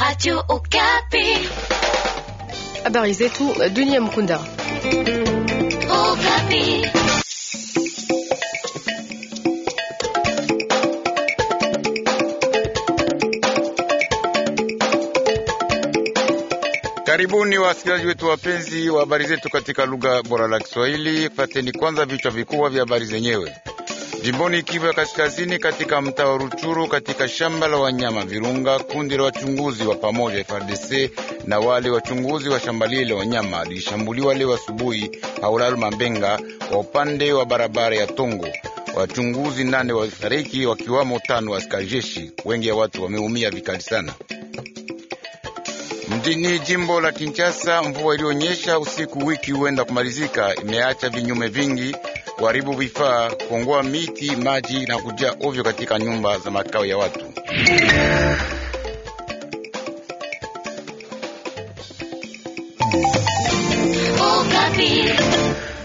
Radio Okapi. Habari zetu dunia mkunda. Okapi. Karibuni wasikilizaji wetu wapenzi wa habari zetu katika lugha bora la Kiswahili. Pateni kwanza vichwa vikubwa vya habari zenyewe. Jimboni Kivu ya Kaskazini, katika mtaa wa Ruchuru, katika shamba la wanyama Virunga, kundi la wachunguzi wa pamoja FARDC na wale wachunguzi wa shamba lile la wanyama lilishambuliwa leo asubuhi haulalo Mambenga wa upande wa barabara ya Tongo. Wachunguzi nane wafariki wakiwamo tano wa askari jeshi. Wengi ya watu wameumia vikali sana. Mjini jimbo la Kinshasa, mvua iliyonyesha usiku wiki huenda kumalizika imeacha vinyume vingi kuharibu vifaa, kuongoa miti, maji na kujaa ovyo katika nyumba za makao ya watu.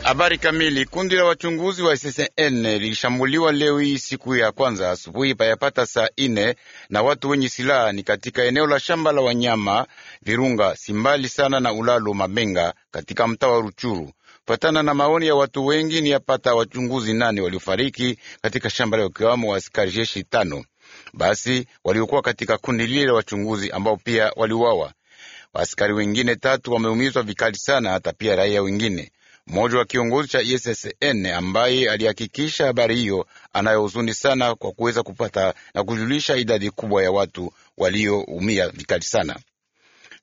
Habari kamili. Kundi la wachunguzi wa SSN lilishambuliwa leo hii siku ya kwanza asubuhi payapata saa ine na watu wenye silaha ni katika eneo la shamba la wanyama Virunga, simbali sana na ulalo Mabenga katika mtaa wa Ruchuru. Kufatana na maoni ya watu wengi, ni yapata wachunguzi nane waliofariki katika shamba la ukiwamo wa askari jeshi tano basi waliokuwa katika kundi lile la wachunguzi ambao pia waliuawa. Waaskari wengine tatu wameumizwa vikali sana, hata pia raia wengine mmoja wa kiongozi cha ISSN ambaye alihakikisha habari hiyo, anayohuzuni sana kwa kuweza kupata na kujulisha idadi kubwa ya watu walioumia vikali sana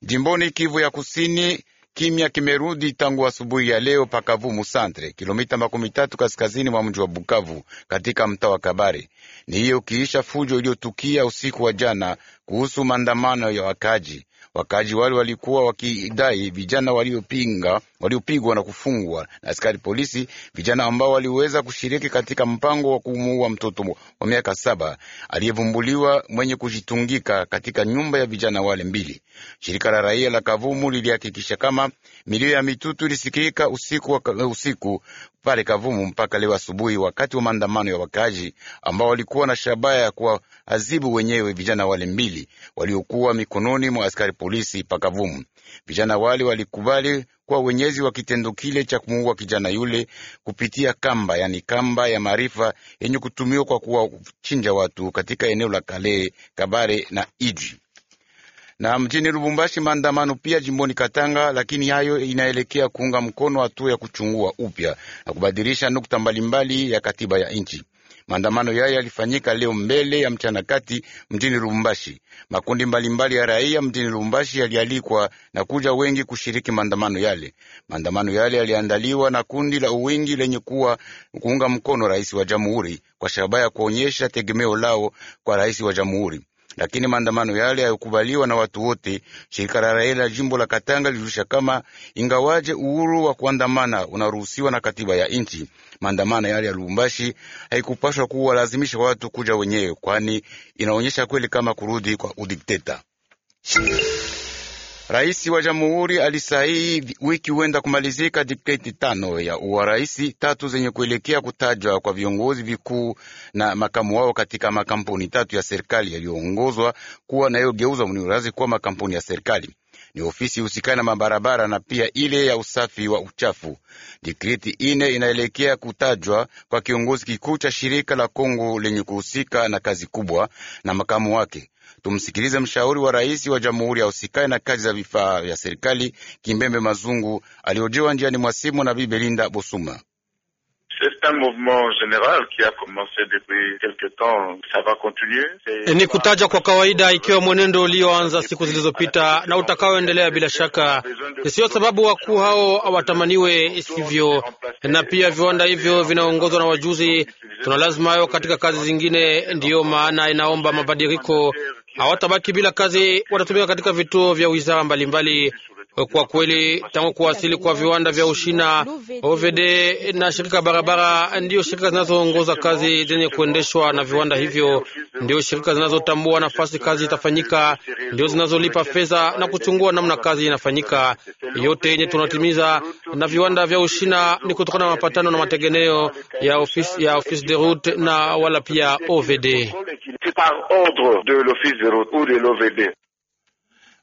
jimboni Kivu ya Kusini. Kimya kimerudi tangu asubuhi ya leo pakavumu santre, kilomita makumi tatu kaskazini mwa mji wa Bukavu, katika mtaa wa Kabare. Ni hiyo ukiisha fujo iliyotukia usiku wa jana kuhusu maandamano ya wakaji. Wakaji wale walikuwa wakidai vijana waliopinga waliopigwa na kufungwa na askari polisi, vijana ambao waliweza kushiriki katika mpango wa kumuua mtoto wa miaka saba aliyevumbuliwa mwenye kujitungika katika nyumba ya vijana wale mbili. Shirika la raia la Kavumu lilihakikisha kama milio ya mitutu ilisikika usiku, usiku pale Kavumu mpaka leo asubuhi, wakati wa maandamano ya wakaaji ambao walikuwa na shabaha ya kuwaadhibu wenyewe vijana wale mbili waliokuwa mikononi mwa askari polisi pakavumu. Vijana wale walikubali kuwa wenyezi wa kitendo kile cha kumuua kijana yule kupitia kamba, yani kamba ya maarifa yenye kutumiwa kwa kuwachinja watu katika eneo la Kale Kabare na Iji na mjini Lubumbashi maandamano pia jimboni Katanga, lakini hayo inaelekea kuunga mkono hatua ya kuchungua upya na kubadilisha nukta mbalimbali ya katiba ya nchi. Maandamano yayo yalifanyika leo mbele ya mchana kati mjini Lubumbashi. Makundi mbalimbali ya raia mjini Lubumbashi yalialikwa na kuja wengi kushiriki maandamano yale. Maandamano yale yaliandaliwa na kundi la uwingi lenye kuwa kuunga mkono rais wa jamhuri kwa shabaha ya kuonyesha tegemeo lao kwa rais wa jamhuri lakini maandamano yale hayakubaliwa na watu wote. Shirika la raia la jimbo la Katanga lilirusha kama ingawaje uhuru wa kuandamana unaruhusiwa na katiba ya nchi, maandamano yale ya Lubumbashi haikupashwa kuwalazimisha watu kuja wenyewe, kwani inaonyesha kweli kama kurudi kwa udikteta. Rais wa Jamhuri alisahihi wiki huenda kumalizika dikteti tano ya uwaraisi tatu zenye kuelekea kutajwa kwa viongozi vikuu na makamu wao katika makampuni tatu ya serikali yaliyoongozwa kuwa nayogeuzwa mniurazi kuwa makampuni ya serikali ni ofisi husikana na mabarabara na pia ile ya usafi wa uchafu. Dikriti ine inaelekea kutajwa kwa kiongozi kikuu cha shirika la Kongo lenye kuhusika na kazi kubwa na makamu wake. Tumsikilize mshauri wa rais wa jamhuri ahusikaye na kazi za vifaa vya serikali Kimbembe Mazungu aliojewa njiani mwa simu na Belinda Bosuma. Ni kutaja kwa kawaida ikiwa mwenendo ulioanza siku zilizopita na utakaoendelea bila shaka. sio sababu wakuu hao hawatamaniwe isivyo, na pia viwanda hivyo vinaongozwa na wajuzi. Tuna lazima hayo katika kazi zingine, ndiyo maana inaomba mabadiliko hawatabaki bila kazi, watatumika katika vituo vya wizara mbalimbali kwa kweli tangu kuwasili kwa viwanda vya Ushina, OVD na shirika barabara ndiyo shirika zinazoongoza kazi zenye kuendeshwa na viwanda hivyo, ndio shirika zinazotambua nafasi kazi itafanyika, ndio zinazolipa fedha na kuchungua namna kazi inafanyika. Yote yenye tunatimiza na viwanda vya Ushina ni kutokana na mapatano na mategeneo ya ofisi ya ofisi de route na wala pia OVD.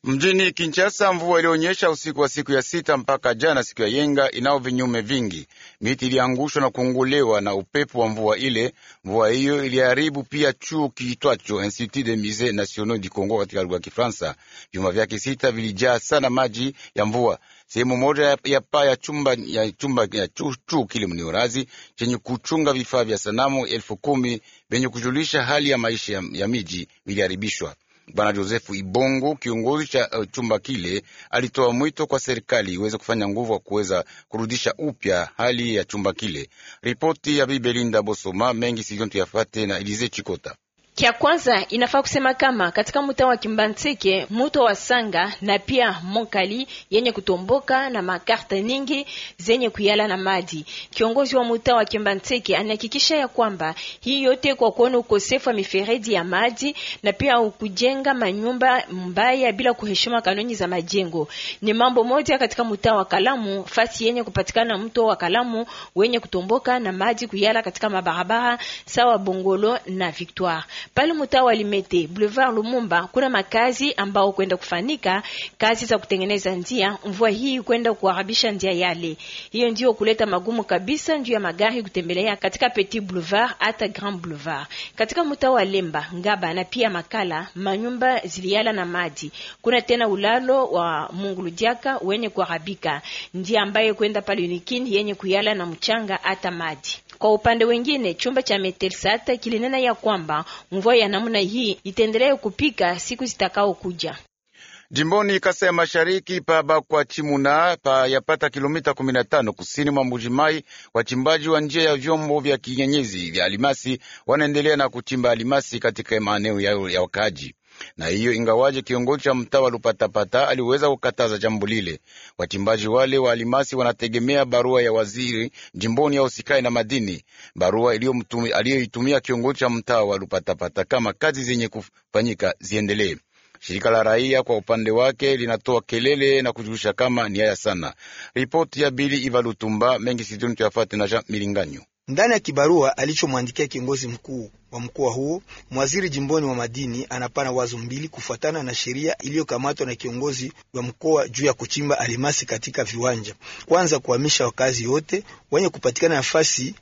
Mjini Kinshasa mvua ilionyesha usiku wa siku ya sita mpaka jana siku ya yenga inao vinyume vingi. Miti iliangushwa na kuungulewa na upepo wa mvua ile. Mvua hiyo iliharibu pia chuo kiitwacho Institut de mise Nationaux du Congo katika lugha ya Kifaransa. Vyumba vyake sita vilijaa sana maji ya mvua. Sehemu moja ya paa ya chumba ya chumba ya chuo kile mniorazi chenye kuchunga vifaa vya sanamu elfu kumi vyenye kujulisha hali ya maisha ya, ya miji viliharibishwa. Bwana Josefu Ibongo, kiongozi cha uh, chumba kile, alitoa mwito kwa serikali iweze kufanya nguvu wa kuweza kurudisha upya hali ya chumba kile. Ripoti ya Bibelinda Bosoma mengi sijontu yafate na Elize Chikota. Kia kwanza inafaa kusema kama katika mtaa wa Kimbantike, mto wa Sanga na pia Monkali yenye kutomboka na makarta nyingi zenye kuyala na maji. Kiongozi wa mtaa wa Kimbantike anahakikisha ya kwamba hii yote kwa kuona ukosefu wa mifereji ya maji na pia kujenga manyumba mbaya bila kuheshima kanuni za majengo. Ni mambo moja katika mtaa wa Kalamu, fasi yenye kupatikana mto wa Kalamu wenye kutomboka na maji kuyala katika mabarabara sawa Bongolo na Victoire. Pale mtaa wa Limete, Boulevard Lumumba, kuna makazi ambao kwenda kufanika kazi za kutengeneza njia, mvua hii kwenda kuharibisha njia yale. Hiyo ndio kuleta magumu kabisa njia ya magari kutembelea katika Petit Boulevard hata Grand Boulevard. Katika mtaa wa Lemba, Ngaba na pia Makala, manyumba ziliala na maji. Kuna tena ulalo wa Munguludiaka wenye kuharibika. Njia ambayo kwenda pale Unikin yenye kuyala na mchanga hata maji. Kwa upande wengine, chumba cha metelsat kilinena ya kwamba mvua ya namna hii itaendelea kupika siku zitakao kuja Jimboni kasa ya Mashariki pa Bakwa Chimuna pa yapata kilomita 15 kusini mwa Mbujimai, wachimbaji wa njia ya vyombo vya kinyenyezi vya alimasi wanaendelea na kuchimba alimasi katika maeneo yao ya wakaaji na hiyo ingawaje kiongozi cha mtaa wa Lupatapata aliweza kukataza jambo lile. Wachimbaji wale wa alimasi wanategemea barua ya waziri jimboni ya usikai na madini, barua aliyoitumia kiongozi cha mtaa wa Lupatapata kama kazi zenye kufanyika ziendelee. Shirika la raia kwa upande wake linatoa kelele na kujulisha kama ni haya sana. Ripoti ya Bili Ivalutumba mengi sidoni tuyafate na Jean Milinganyo. Ndani ya kibarua alichomwandikia kiongozi mkuu wa mkoa huo, mwaziri jimboni wa madini anapana wazo mbili kufuatana na sheria iliyokamatwa na kiongozi wa mkoa juu ya kuchimba alimasi katika viwanja. Kwanza, kuhamisha wakazi wote wenye kupatikana nafasi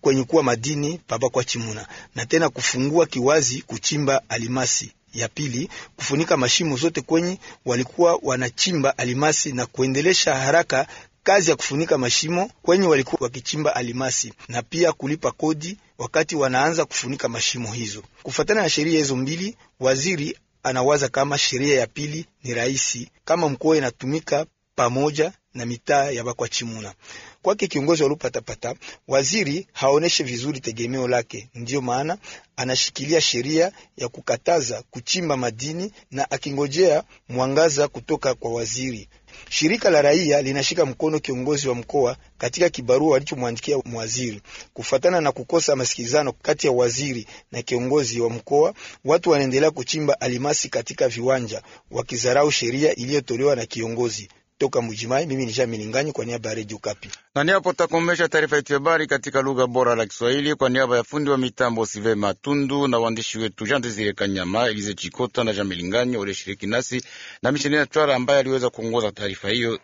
kwenye kuwa madini papa kwa chimuna, na tena kufungua kiwazi kuchimba alimasi. Ya pili, kufunika mashimo zote kwenye walikuwa wanachimba alimasi na kuendelesha haraka kazi ya kufunika mashimo kwenye walikuwa wakichimba alimasi na pia kulipa kodi wakati wanaanza kufunika mashimo hizo. Kufuatana na sheria hizo mbili, waziri anawaza kama sheria ya pili ni rahisi kama mkoa inatumika pamoja na mitaa ya Bakwachimuna. Kwake kiongozi walupatapata, waziri haoneshe vizuri tegemeo lake, ndiyo maana anashikilia sheria ya kukataza kuchimba madini na akingojea mwangaza kutoka kwa waziri. Shirika la raia linashika mkono kiongozi wa mkoa katika kibarua alichomwandikia mwaziri Kufuatana na kukosa masikizano kati ya waziri na kiongozi wa mkoa, watu wanaendelea kuchimba alimasi katika viwanja wakizarau sheria iliyotolewa na kiongozi toka Mujimai. Mimi ni Jami Lingani kwa niaba ya Radio Kapi, na niapo takomesha taarifa yetu ya habari katika lugha bora la Kiswahili kwa niaba ya fundi wa mitambo Sive Matundu na waandishi wetu Jean Desire Kanyama, Elize Chikota na Jami Lingani walioshiriki nasi na Michelina Twara ambaye aliweza kuongoza taarifa hiyo.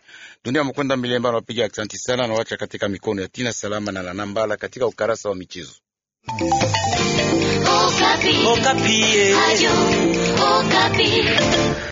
Dunia Mkwenda Milemba anawapiga aksanti sana na wacha katika mikono ya Tina Salama na Lanambala katika ukarasa wa michezo. Okapi. Oh, Okapi. Oh, Ayu, Okapi. Oh,